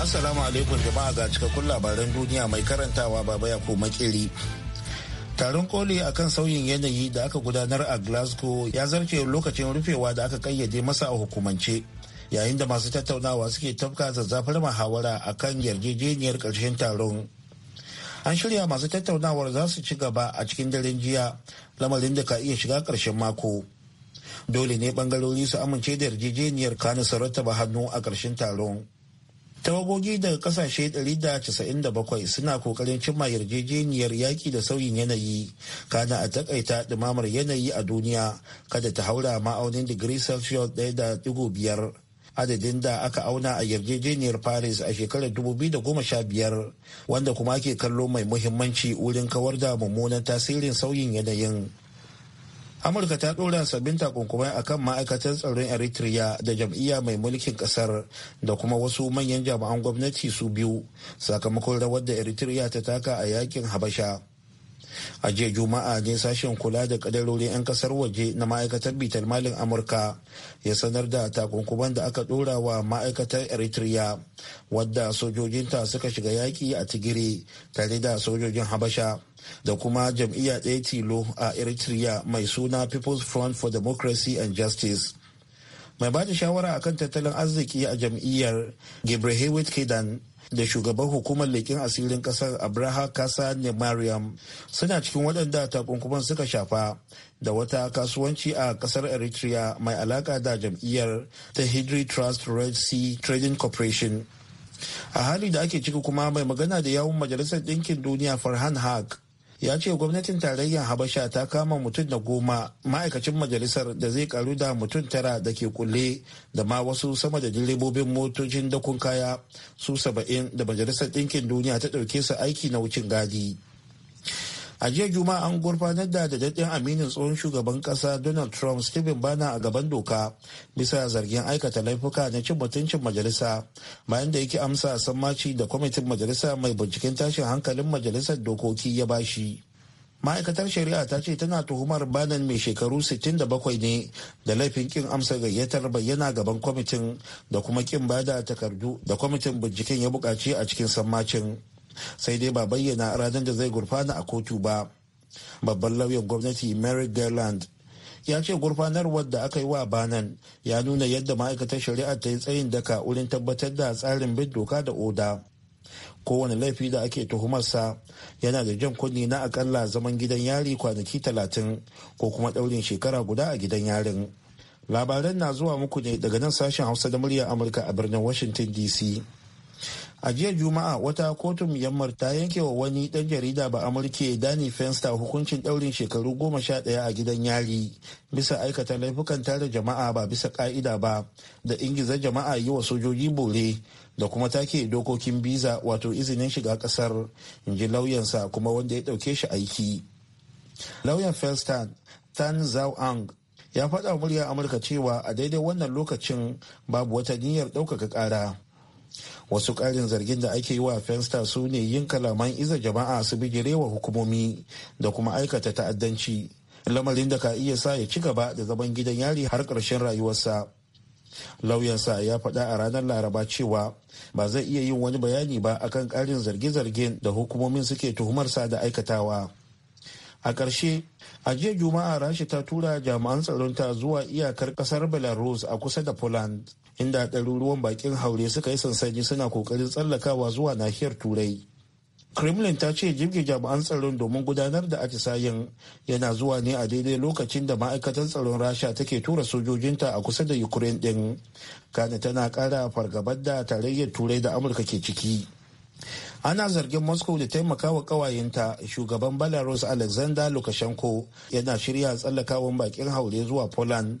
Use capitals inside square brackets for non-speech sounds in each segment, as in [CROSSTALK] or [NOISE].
Assalamu alaikum jama'a ga cikakkun labaran duniya mai karantawa baba ya ko makeri. Taron koli akan sauyin yanayi da aka gudanar a Glasgow ya zarce lokacin rufewa da aka kayyade masa a hukumance. Yayin da masu tattaunawa suke tafka zazzafar a kan yarjejeniyar ƙarshen taron. An shirya masu tattaunawar za su ci gaba a cikin daren jiya lamarin da ka iya shiga ƙarshen mako. dole ne bangarori su amince da yarjejeniyar kanu sarauta ba hannu a ƙarshen taron. tawagogi daga kasashe 197 suna kokarin cimma yarjejeniyar yaƙi da sauyin yanayi kana a takaita dumamar yanayi a duniya kada ta haura ma'aunin digiri celsius 1.5 adadin da aka auna a yarjejeniyar paris a shekarar 2015 wanda kuma ke kallo mai muhimmanci wurin kawar da mummunan tasirin sauyin yanayin amurka ta ɗora sabbin takunkumai kan ma'aikatan tsaron eritrea da jam'iyya mai mulkin ƙasar da kuma wasu manyan jami'an gwamnati su biyu sakamakon rawar da eritrea ta taka a yakin habasha a jiya juma'a ne sashen kula da kadarorin 'yan kasar waje na ma'aikatar bitar malin amurka ya sanar da takunkuman da aka dora wa ma'aikatar eritrea wadda sojojinta suka shiga yaki a tigiri tare da sojojin habasha da kuma jam'iyya ɗaya tilo a eritrea mai suna people's front for democracy and justice mai ba da shawara akan tattalin arziki a jam'iyyar hewitt kidan da shugaban hukumar leƙen asirin ƙasar abraha kasa ne mariam suna cikin waɗanda takunkuman suka shafa da wata kasuwanci a ƙasar eritrea mai alaƙa da jam'iyyar ta hidri trust red sea trading corporation a hali da ake ciki kuma mai magana da yawun majalisar ɗinkin duniya farhan haq ya ce gwamnatin tarayyar habasha ta kama mutum da goma ma'aikacin majalisar da zai karu da mutum tara da ke kulle da ma wasu sama da direbobin motocin dakon kaya su saba'in da majalisar ɗinkin duniya ta ɗauke su aiki na wucin gadi a jiya juma'a an gurfanar da dadaddin aminin tsohon shugaban kasa donald trump stephen bana a gaban doka bisa zargin aikata laifuka na cin mutuncin majalisa bayan da yake amsa sammaci da kwamitin majalisa mai binciken tashin hankalin majalisar dokoki ya bashi ma'aikatar shari'a ta ce tana tuhumar banan mai shekaru 67 ne da laifin kin amsa gayyatar bayyana gaban kwamitin da kuma kin bada takardu da kwamitin binciken ya bukaci a cikin sammacin sai dai ba bayyana ranar da zai gurfana a kotu ba babban lauyan gwamnati mary garland ya ce gurfanarwar da aka yi wa banan ya nuna yadda ma'aikatar shari'a ta yi tsayin daka wurin tabbatar da tsarin bin doka da oda kowane laifi da ake tuhumarsa yana da jan kunni na akalla zaman gidan yari kwanaki talatin ko kuma ɗaurin shekara guda a gidan yarin labaran na zuwa muku ne daga nan sashen hausa da muryar amurka a birnin washington dc a jiya juma'a wata kotun myanmar ta yanke wa wani dan jarida ba amurke dani fenster hukuncin daurin shekaru goma sha daya a gidan yari bisa aikata laifukan tare jama'a ba bisa ka'ida ba da ingiza jama'a yi wa sojoji bore da kuma take dokokin biza wato izinin shiga kasar in ji lauyansa kuma wanda ya dauke shi aiki lauyan fenster tan zhao ang ya faɗa muryar amurka cewa a daidai wannan lokacin babu wata niyyar ɗaukaka ƙara wasu ƙarin zargin da ake yi wa fensta su ne yin kalaman iza jama'a su bigirewa hukumomi da kuma aikata ta'addanci lamarin da ka iya sa ya ci gaba da zaman gidan yari har ƙarshen rayuwarsa lauyansa ya faɗa a ranar laraba cewa ba zai iya yin wani bayani ba akan ƙarin zarge-zargen da hukumomin suke tuhumarsa da aikatawa a ƙarshe a jiya juma'a rashi ta tura jami'an tsaronta zuwa iyakar ƙasar belarus a kusa da poland inda ɗaruruwan bakin haure suka yi sansani suna kokarin tsallakawa zuwa nahiyar turai kremlin ta ce jirgin jami'an tsaron domin gudanar da atisayen yana zuwa ne a daidai lokacin da ma'aikatan tsaron rasha take tura sojojinta a kusa da ukraine din kana tana kara fargabar da tarayyar turai da amurka ke ciki ana zargin moscow da taimakawa kawayenta shugaban belarus alexander lukashenko yana shirya tsallakawan bakin haure zuwa poland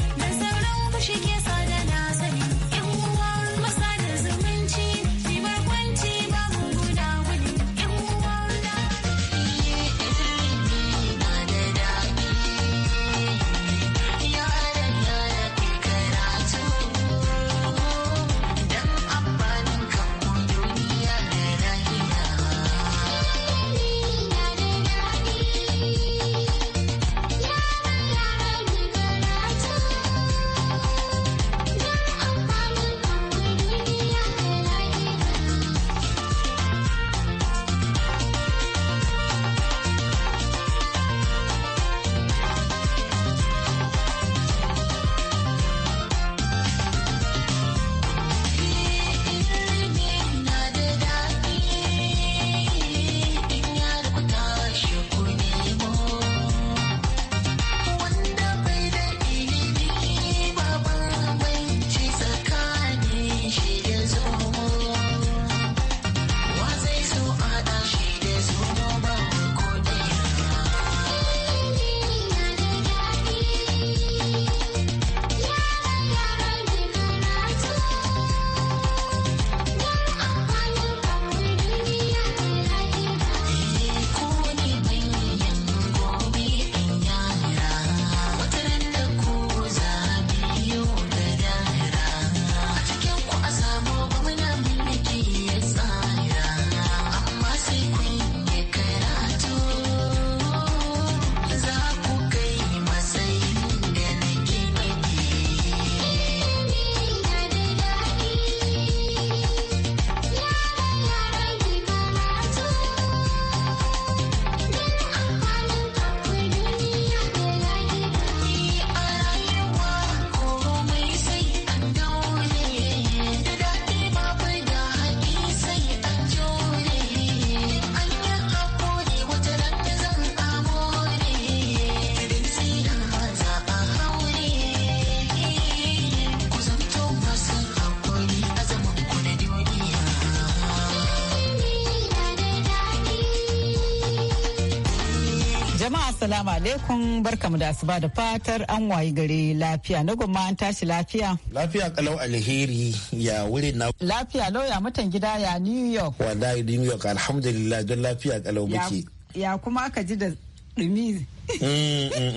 Assalamu alaikum barkamu da asuba da fatar an wayi gare lafiya na goma an tashi lafiya. Lafiya kalau alheri ya wuri na. Lafiya lauya mutan gida ya New York. Wallahi New York alhamdulillah don lafiya kalau muke. Ya kuma aka ji da dumi. Mm, mm,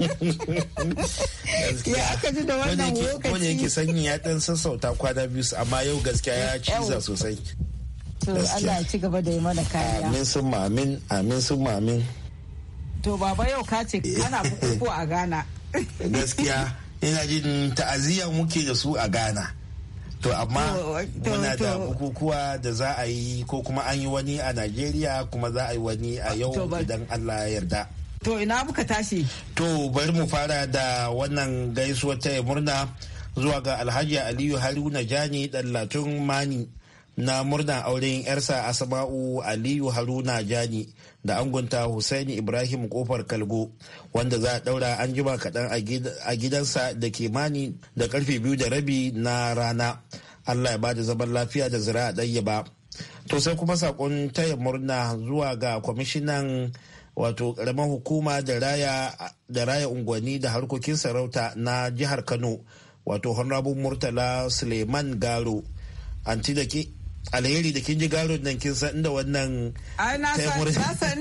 mm, [LAUGHS] ya aka ji da wannan lokaci. Wani yake sanyi ya dan sassauta kwana biyu amma yau gaskiya ya ciza sosai. Allah ya ci gaba da yi mana kariya. Amin sun amin amin sun amin. To baba yau ka ce kana bukuku a Ghana. [LAUGHS] Gaskiya ina jin ta'aziyya muke da su a Ghana. To amma muna da bukukuwa da za a yi ko kuma an yi wani a Najeriya kuma za a yi wani a yau idan Allah ya yarda. To ina muka tashi? To bari mu fara da wannan gaisuwar ya murna zuwa ga Alhaji Aliyu Haruna Jani Dallatun Mani na murna auren yarsa asma'u aliyu haruna jani da angunta hussaini ibrahim kofar kalgo wanda za a daura an jima kaɗan a gidansa da kimani da karfe biyu da rabi na rana allah ya bada zaman lafiya da zira a ba to sai kuma saƙon taya murna zuwa ga kwamishinan wato karamar hukuma da raya unguwanni da harkokin sarauta na jihar kano wato honorable murtala suleiman garo anti da alheri da kin ji garo nan kin san inda wannan na san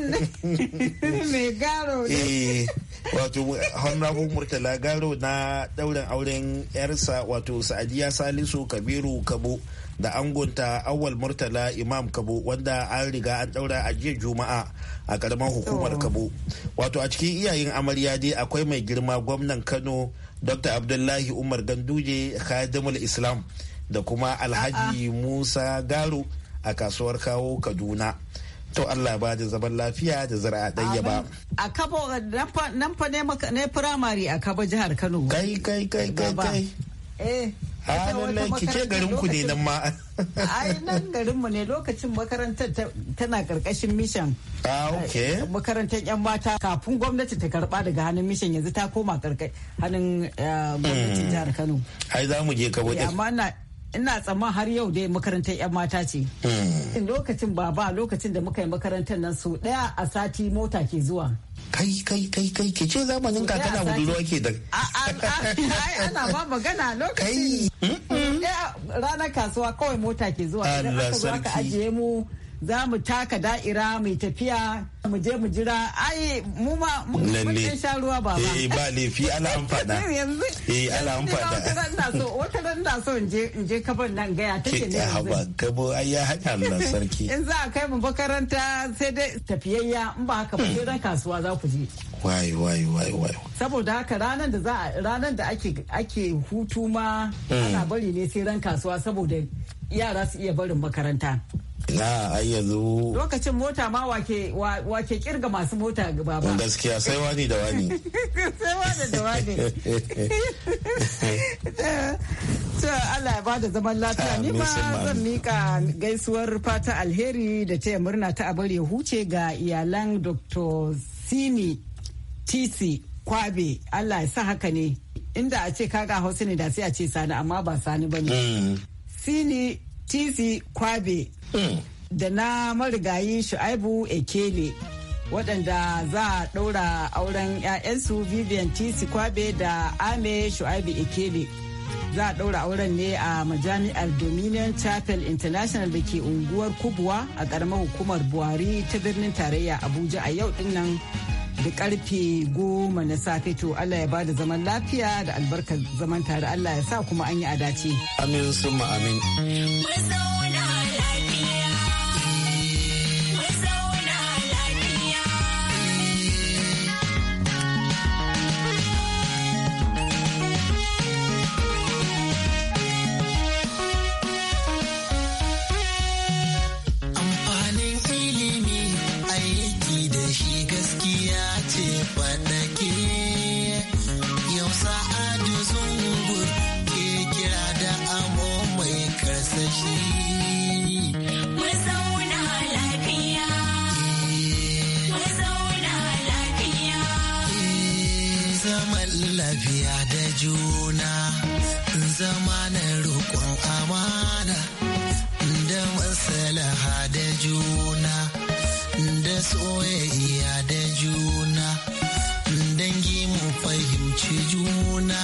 [LAUGHS] me garo ne eh, wato honorable murtala garo na daurin auren yarsa wato sa'adiya salisu kabiru kabo da angonta awal murtala imam kabo wanda an riga an daura a jiya juma'a a karamar hukumar kabo wato a cikin iyayen amarya dai akwai mai girma gwamnan kano dr abdullahi umar ganduje khadimul islam da kuma alhaji musa garo a kasuwar kawo kaduna to allah ba da zaman lafiya da zara'a ɗaya ba a kabo nan fa ne firamare a kabo jihar kano kai kai kai kai kai eh halin kike garin ku ne nan ma ai nan garin mu ne lokacin makarantar tana karkashin mishan ah okay eh, makarantar yan mata kafin gwamnati ta karba daga hannun mishan yanzu ta koma karkashin hannun eh, gwamnatin hmm. jihar Kano ai za mu je kabo eh, amma ina tsamman har yau dai makarantar 'yan mata ce. Hmm. Lokacin baba lokacin da muka yi makarantar nan su ɗaya a sati mota ke zuwa. Kai kai kai kai ke ce zamanin kakana budurwa ke da. Ana ba magana [LAUGHS] lokacin. Ranar kasuwa kawai mota ke zuwa. Allah sarki. Aka ajiye mu. za mu taka da'ira mai tafiya mu je mu jira ai mu ma mun sha ruwa ba ba eh ba lefi ana amfana [LAUGHS] eh ana amfana wata ran da so in je in je kaban nan gaya take ne haba kabo ai ya hada Allah sarki [LAUGHS] in za a kai mu makaranta sai dai tafiyayya in ba haka ba sai ran kasuwa za ku je wai wai wai wai saboda haka ranar da za ranar da ake ake hutu ma hmm. ana bari ne sai ran kasuwa saboda yara su iya barin makaranta na a yanzu lokacin mota ma wake wake kirga masu mota gaba ba gaskiya sai wani da wani [LAUGHS] sai wani da wani [LAUGHS] to Allah ya bada zaman lafiya ni ma zan mika gaisuwar fata alheri da taya murna ta abar ya huce ga iyalan Dr. Sini TC Kwabe Allah ya sa haka ne inda a ce kaga Hausa ne da sai a ce sani amma ba sani bane hmm. Sini TC Kwabe da na marigayi shu'aibu ekele waɗanda za a ɗaura auren 'ya'yansu vivian t kwabe da ame shu'aibu ekele za a ɗaura auren ne a majami'ar dominion chapel international da ke unguwar kubwa a ƙaramar hukumar buhari ta birnin tarayya abuja a yau dinnan da karfe goma na safe to allah ya bada zaman lafiya da albarkar zaman tare allah ya sa kuma an yi a dace amin sun amin gona zama na roƙon amana da masalaha da juna da soyayya da juna dangi mu fahimci juna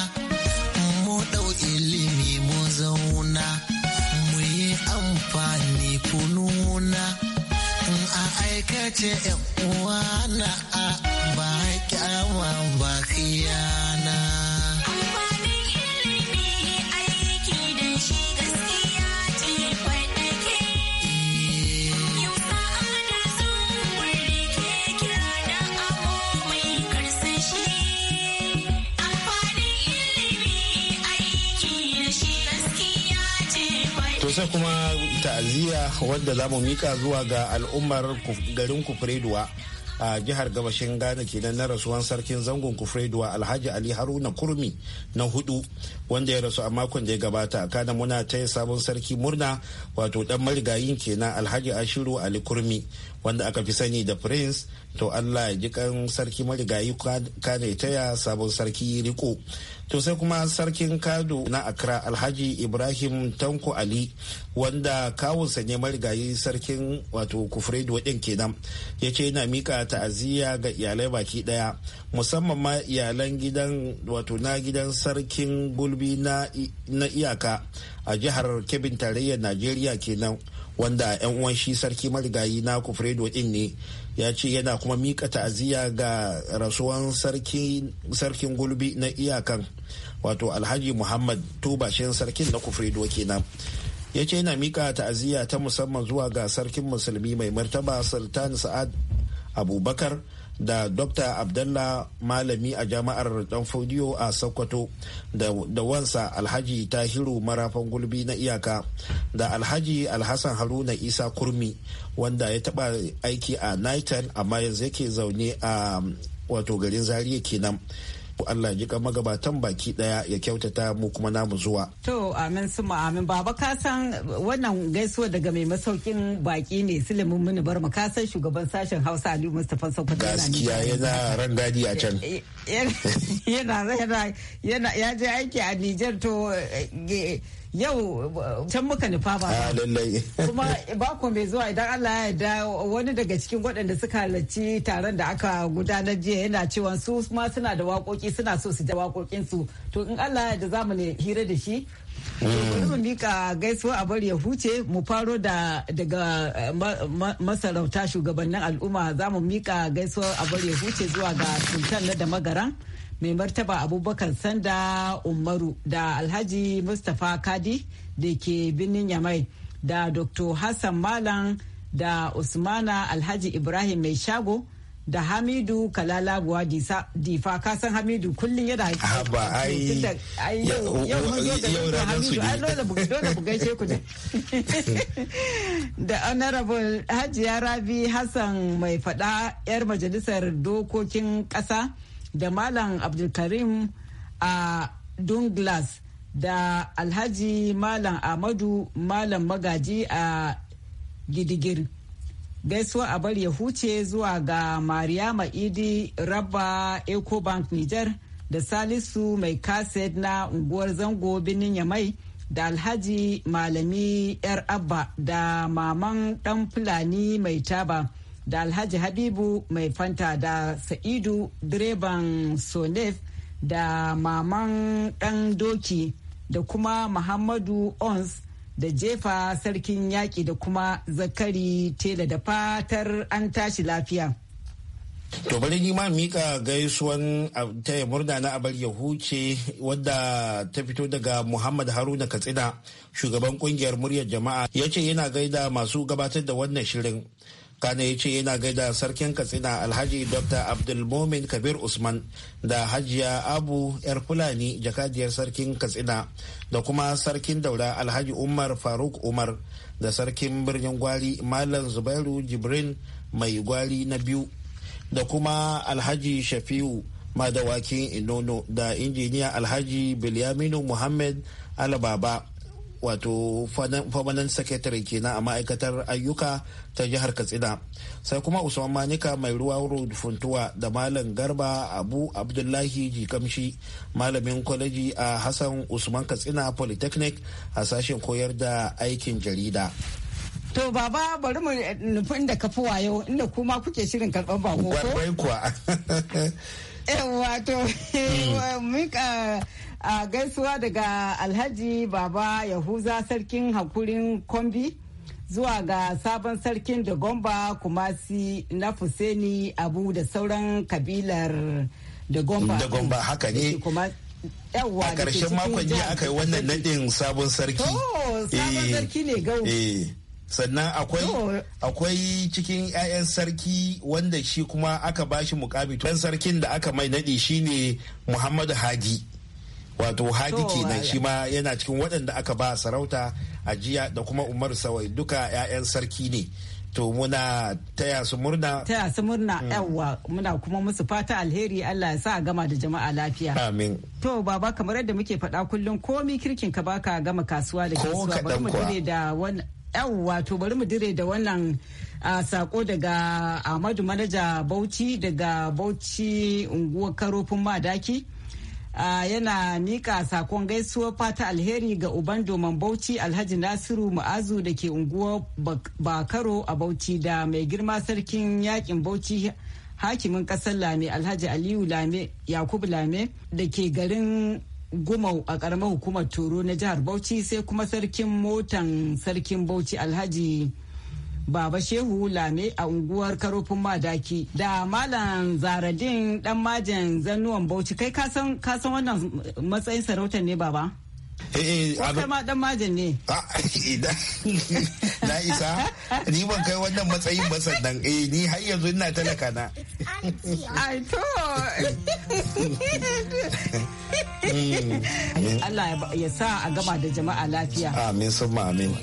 mu ɗau ilimi mu zauna mu yi amfani kununa a aikace uwana. sai kuma ta'aziyya wadda za mu mika zuwa ga al'ummar garin kufreduwa a jihar gabashin ghana kenan na rasuwan sarkin zangon kufreduwa alhaji ali haruna kurmi na hudu wanda ya rasu a makon da ya gabata a kana muna ta sabon sarki murna wato dan marigayin kenan alhaji ashiru ali kurmi wanda aka fi sani da prince to allah ya ji kan sarki marigayi ya taya sabon sarki riko to sai kuma sarkin kado na akra alhaji ibrahim tanko ali wanda kawunsa ne marigayi sarkin wato kufredo din kenan ya ce yana mika ta'aziyya ga iyalai baki ɗaya musamman ma iyalan gidan wato na gidan sarkin gulbi na iyaka a jihar kebin tarayyar najeriya kenan wanda 'yan uwan shi sarki marigayi na kufredo din ne ya ce yana kuma mika ta'aziyya ga rasuwan sarkin gulbi na iyakan wato alhaji muhammad tubashin sarkin na kufredo kenan ya ce yana mika ta'aziyya ta musamman zuwa ga sarkin musulmi mai martaba sultan sa'ad abubakar da dr abdallah malami a jami'ar danfodiyo a sokoto da wansa alhaji tahiru marafan gulbi na iyaka da alhaji alhassan haruna isa kurmi wanda ya taba aiki a niton amma yanzu yake zaune a wato garin zariya kenan Allah ji ka magabatan baki daya ya kyautata mu kuma namu zuwa. To amin su amin baba ka san wannan gaisuwa daga mai masaukin baki ne mini bar mu ka san shugaban sashen Hausa Aliyu Mustapha Sokoto yana gaskiya yana ran dadi a can. Eh, eh, [LAUGHS] yana yana yana ya je aiki a Niger to eh, yau can muka nufa ba ah, kuma bako mai zuwa idan Allah ya yarda wani daga cikin waɗanda suka halarci taron da aka gudanar jiya yana cewa su ma suna da waƙoƙi suna so su ji waƙoƙin su to in Allah ya yarda za mu ne hira da shi bari mu mika gaisuwa a bari ya huce mu faro da daga eh, masarauta shugabannin al'umma za mu mika gaisuwa a bari ya huce zuwa ga sultan na da magaran mai martaba abubakar sanda umaru da alhaji mustapha kadi da ke birnin yamai da dr hassan malam da usmana alhaji ibrahim mai shago da hamidu kalala buwa difa kasan hamidu kullum yana haba ah, ai yau mun yau da hamidu ai dole bugai [LAUGHS] ku ne da honorable hajiya rabi hassan mai fada yar majalisar dokokin kasa da malam abdulkarim a dunglas da alhaji malam amadu malam magaji a gidigir gaisuwa a bar ya huce zuwa ga mariama idi rabba ecobank niger da salisu mai kaset na unguwar zango binin yamai da alhaji malami yar abba da maman dan fulani mai taba da alhaji habibu mai fanta da sa'idu direban sonef da maman dan doki da kuma muhammadu ons da jefa sarkin yaƙi da kuma zakari tela da fatar an tashi lafiya To bari ni ma mika gaisuwan taya murna na abar yahuce wadda ta fito daga Muhammad Haruna Katsina shugaban kungiyar muryar jama'a ya ce yana gaida masu gabatar da wannan shirin kana ya ce yana gaida sarkin katsina alhaji dr abdulmomin kabir usman da hajiya abu yar fulani jakadiyar sarkin katsina da kuma sarkin daura alhaji umar faruk umar da sarkin birnin gwari malam zubairu jibrin mai gwari na biyu da kuma alhaji shafiu madawakin inono da injiniya alhaji bilyaminu muhammad alababa wato permanent secretary kenan a ma'aikatar ayyuka ta jihar katsina sai kuma usman manika mai ruwa road funtuwa da malam garba abu abdullahi jikamshi malamin kwaleji a hassan usman katsina polytechnic a sashen koyar da aikin jarida To baba bari mu nufin da kafi wayo inda kuma kuke shirin karɓar bako ko? Wato, [LAUGHS] [LAUGHS] a gaisuwa daga alhaji baba yahuza sarkin hakurin kombi zuwa ga sabon sarkin da gomba si na fuseni abu da sauran kabilar da gomba da gomba haka ne a ƙarshen makon jiya aka yi wannan nadin sabon sarki sabon eh, sarki ne eh, sannan akwai cikin 'ya'yan sarki wanda shi kuma aka bashi mukami sarkin da aka mai nadi shine muhammadu hadi wato hadi kenan shi ma yana cikin waɗanda aka ba sarauta ajiya da kuma umar sawai duka 'ya'yan sarki ne to muna taya su murna taya su murna mm. yawa muna kuma musu fata alheri Allah ya sa gama da jama'a lafiya amin to baba kamar yadda muke faɗa kullum komi kirkin ka baka gama kasuwa da kasuwa bari mu dire da wannan yawa to bari mu dire da wannan sako daga Ahmadu Manaja Bauchi daga Bauchi unguwar Karofin Madaki Uh, yana mika sakon gaisuwar fata alheri ga uban doman bauchi alhaji nasiru ma'azu da ke unguwa bakaro a bauchi da mai girma sarkin yakin bauchi hakimin kasar lame alhaji aliyu lame yakubu lame da ke garin gumau a karamar hukumar toro na jihar bauchi sai kuma sarkin motan sarkin bauchi alhaji Baba Shehu Lame a unguwar Karofin Madaki da Malam Zaradin dan majin Zannuwan Bauchi kai kasan kasan wannan matsayin sarautar ne baba? Eh, eh, ma dan majin ne. Ah, [LAUGHS] na isa, ni ban kai wannan matsayin ba sannan eh ni har yanzu ina talaka na. Ai to. Mm. Allah ya sa a gama da jama'a lafiya. Amin sun amin.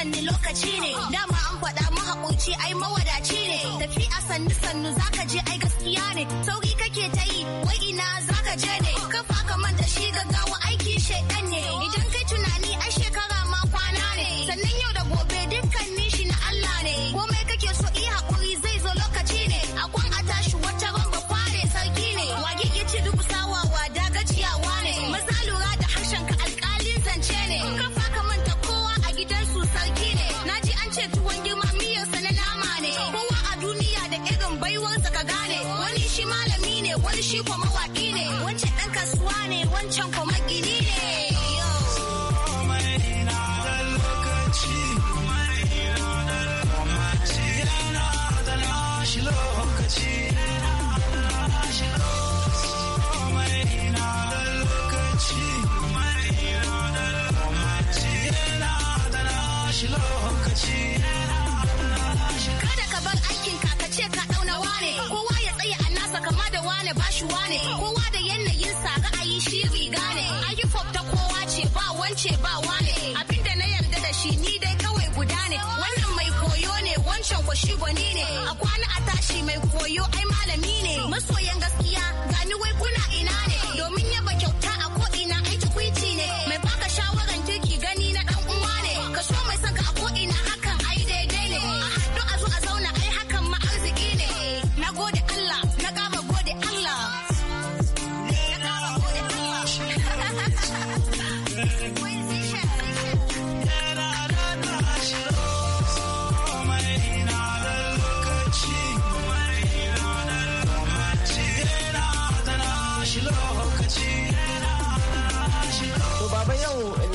sanni lokaci ne dama an faɗa mahaƙoci ai mawadaci ne tafi a sanni sannu zaka je ai gaskiya ne sauki kake ta yi wai ina zaka je ne kafa ka manta shi gaggawa aiki shaidan ne idan kai tunani ai wani ne a kwana a tashi mai koyo ai malami ne masoyan gaskiya ga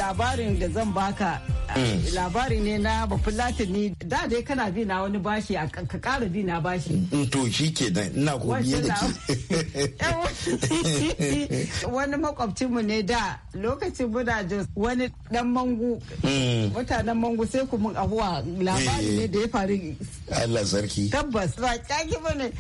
labarin da zan baka mm. labari ne na bafulatani da dai kana bi na wani bashi a ka kara bi na bashi mm, to shi ke ina ko da ke [LAUGHS] wani mu ne da lokacin muna wani dan mangu mm. mutanen mangu sai ku mun abuwa labari ne eh. da ya faru Allah sarki tabbas ba kyaki bane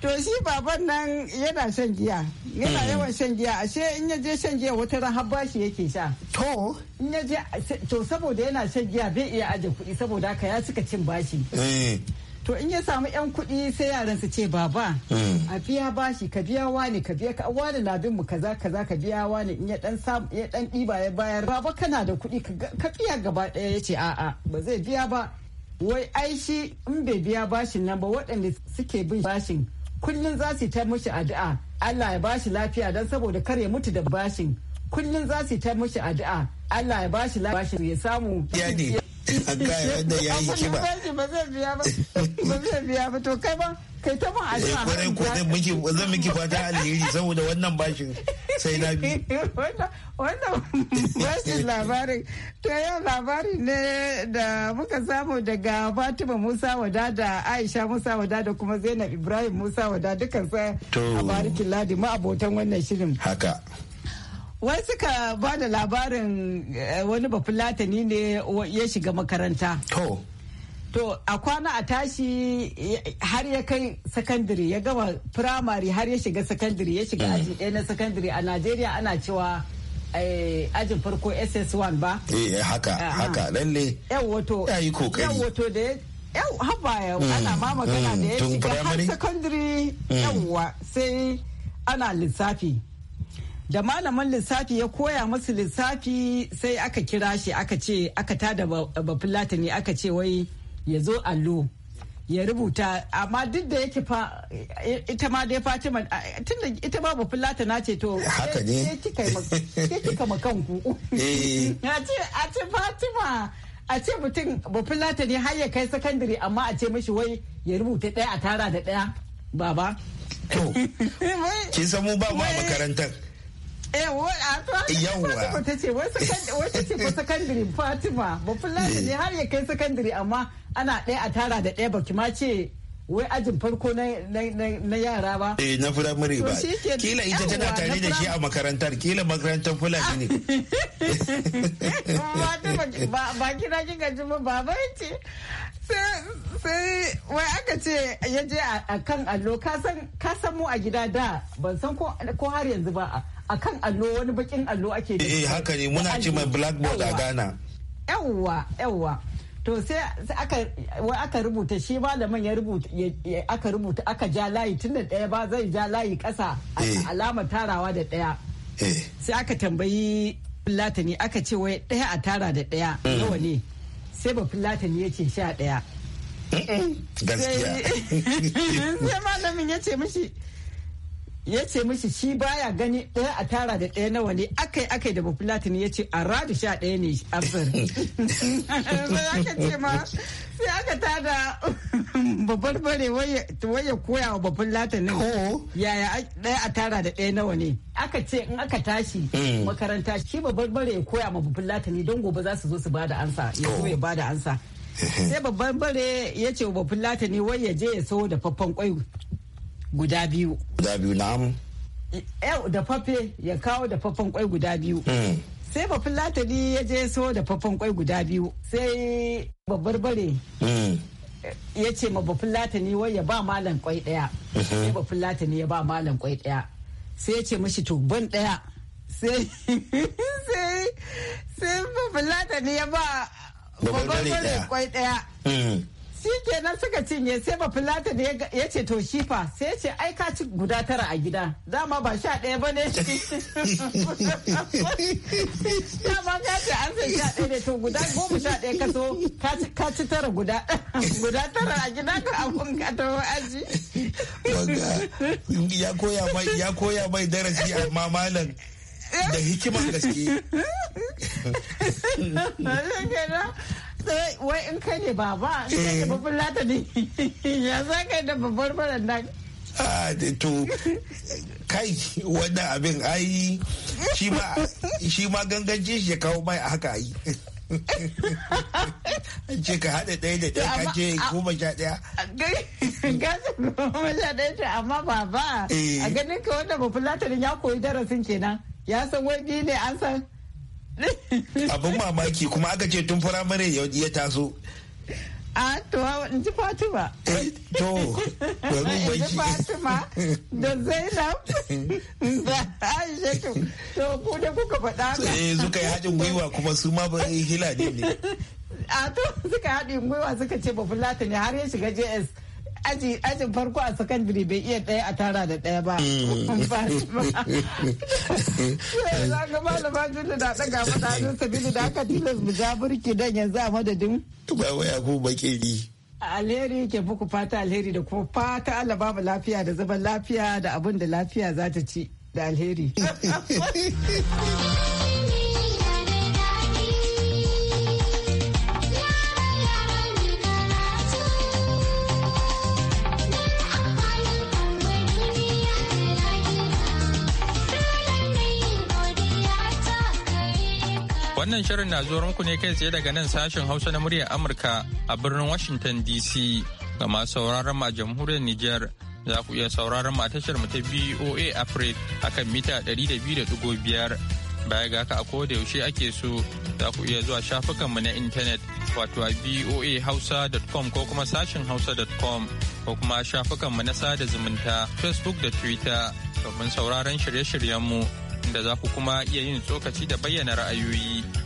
to shi baban nan yana shan giya yana hmm. yawan shan giya ashe in ya shan giya wata ran har bashi yake sha to in ya to saboda yana shan giya bai iya aje kuɗi saboda haka ya cika cin bashi eh. to in ya samu yan kuɗi sai yaran su ce baba hmm. a biya bashi ka biya wani ka biya ka wani labin bin mu kaza kaza ka biya wani in ya dan ya dan diba ya bayar baba kana da kuɗi ka biya gaba ɗaya yace a a'a ba zai biya ba wai aishi in bai biya bashin nan ba waɗanda suke bin bashin kullum za su ta mashi addu'a Allah ya bashi lafiya don saboda kar ya mutu da bashin kullum za su ta mashi addu'a Allah ya bashi lafiya ya samu ya ne [LAUGHS] an gaya wanda ya yi kiba ba zai biya ba to kai ba kai ta ma addu'a kwarai ko zan miki zan miki fata alheri saboda wannan bashin sai na bi wannan bashin labarin to yau labari ne da muka samu daga Fatima Musa Wada da Aisha Musa Wada da kuma Zainab Ibrahim Musa Wada dukkan sa a barikin ladi ma abotan wannan shirin haka wai suka ba da labarin eh, wani bafulatani ne ya shiga makaranta to To a kwana a tashi har ya kai sakandare ya gama firamare har ya shiga sakandare ya shiga aji ɗaya na sakandare a Najeriya ana cewa eh, ajin farko SS1 ba? Eh, eh haka haka lalle. Yawwato. Ya yi kokari. Yawwato da ya yau haba yau mm, ana ma magana mm, da ya shiga har sakandare mm. yawwa sai ana lissafi. da malaman lissafi ya koya musu lissafi sai aka kira shi aka ce aka tada ba aka ce wai ya zo allo ya rubuta amma duk da yake fa ita ma dai Fatima tun da ita ma babu na ce to haka ne ke kika ma kanku eh. ce a ce Fatima a ce mutum bafulata ne har ya kai sakandare amma a ce mashi wai ya rubuta daya a tara da daya baba. To, kin san mu ba ma makarantar. Eh, Yawwa. Ta ce wai sakandare Fatima bafulata ne har ya kai sakandare amma ana ɗaya a tara da ɗaya baki ma ce wai ajin farko na yara ba. Eh na firamare ba. Kila ita tana tare da shi a makarantar, kila makarantar Fulani ne. [LAUGHS] Ba kira kin gaji ba ba ce. Sai wai aka ce ya je a kan allo ka san mu a gida da ban san ko har yanzu ba a kan allo wani bakin allo ake. Eh, eh haka ne muna ce mai blackboard a Ghana. Yawwa yawwa. to sai aka rubuta shi malamin ya rubuta aka rubuta aka ja layi tun da ɗaya ba zai ja layi ƙasa eh. alama tarawa da ɗaya eh. sai aka tambayi filatani aka ce wai ɗaya a tara da ɗaya mm. nawa ne sai ba filatani ya ce sha ɗaya gaskiya [LAUGHS] sai malamin ya ce mishi ya ce mishi shi baya gani ɗaya a tara da ɗaya nawa ne akai akai da bafulatin ya ce a radu sha ɗaya ne abin sai aka tada babbar bare waya koya wa babban latin yaya ɗaya a tara da ɗaya nawa ne aka ce in aka tashi mm. makaranta shi babbar bare ya koya ma babban latin don gobe za su zo su bada ansa ya zo ya bada ansa sai babban bare ya ce babban latin wai ya je ya sau da faffan kwai guda biyu guda biyu na Yau da fafe ya kawo da fafen kwai guda biyu hmm. sai bafin latani ya je so da fafen kwai guda biyu sai babbar bare hmm. ya ce ma bafin latani wai ya ba malam kwai daya hmm. sai bafin latani ya ba malam kwai daya sai ya ce mashi to ban daya [LAUGHS] sai sai bafin latani ya ba babbar bare kwai daya shi kenan suka cinye sai ba fulata da ya ce to shi fa sai ce ai ka ci guda tara a gida dama ba sha ɗaya ba ne shi dama ka ce an sai sha ɗaya ne to guda goma sha ɗaya ka so ka ci tara guda guda tara a gida ka abun ka taho aji ya koya mai ya koya mai darasi amma malam da hikimar gaske [LAUGHS] wai in kai ne baba sai da babban lata ne [LAUGHS] ya za kai da babbar baran nan ah, to kai wannan abin ai shi ma ganganci shi ya kawo mai a haka yi [LAUGHS] an ce ka haɗa ɗaya da ɗaya ka goma sha ɗaya. Gasa [LAUGHS] goma sha ɗaya ce amma baba a eh. ganin ka wannan bafulatanin ya koyi darasin kenan ya san wani ne an san [LAUGHS] abin mamaki kuma aka ce tun firamare ya taso a to in ji fatima eh, to domin in ji fatima da zainab [LAUGHS] da aishatu to ku da kuka faɗa ka eh suka yi haɗin gwiwa kuma su ma ba hila ne [LAUGHS] a to suka haɗin gwiwa suka ce ba fulata ne har ya shiga js aji ajin farko a secondary bai iya ɗaya a tara da ɗaya ba. Mm. [LAUGHS] Sai ga malama Julu na ɗaga mata hannun sabili da aka tilas mu ja burki dan yanzu a madadin. Ba waya ko bakeri. alheri ke muku fata alheri da kuma fata Allah babu lafiya da zaman lafiya da abin da lafiya za ta ci da alheri. [LAUGHS] Wannan shirin na zuwa muku ne kai tsaye daga nan sashen Hausa na muryar Amurka a birnin Washington DC. Ga masu sauraron ma jamhuriyar Nijar za ku iya sauraron ma tashar mu ta BOA a kan mita 200.5. Baya ga haka a koda yaushe ake so za ku iya zuwa mu na intanet wato a hausa.com ko kuma sashen hausa.com ko kuma shafukanmu na sada zumunta facebook da twitter domin sauraron shirye-shiryenmu inda za ku kuma iya yin tsokaci da bayyana ra'ayoyi.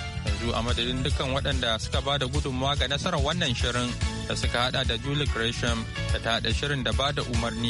yanzu a madadin dukkan waɗanda suka ba da gudunmawa ga nasarar wannan shirin da suka hada da julie gresham da ta haɗa shirin da ba da umarni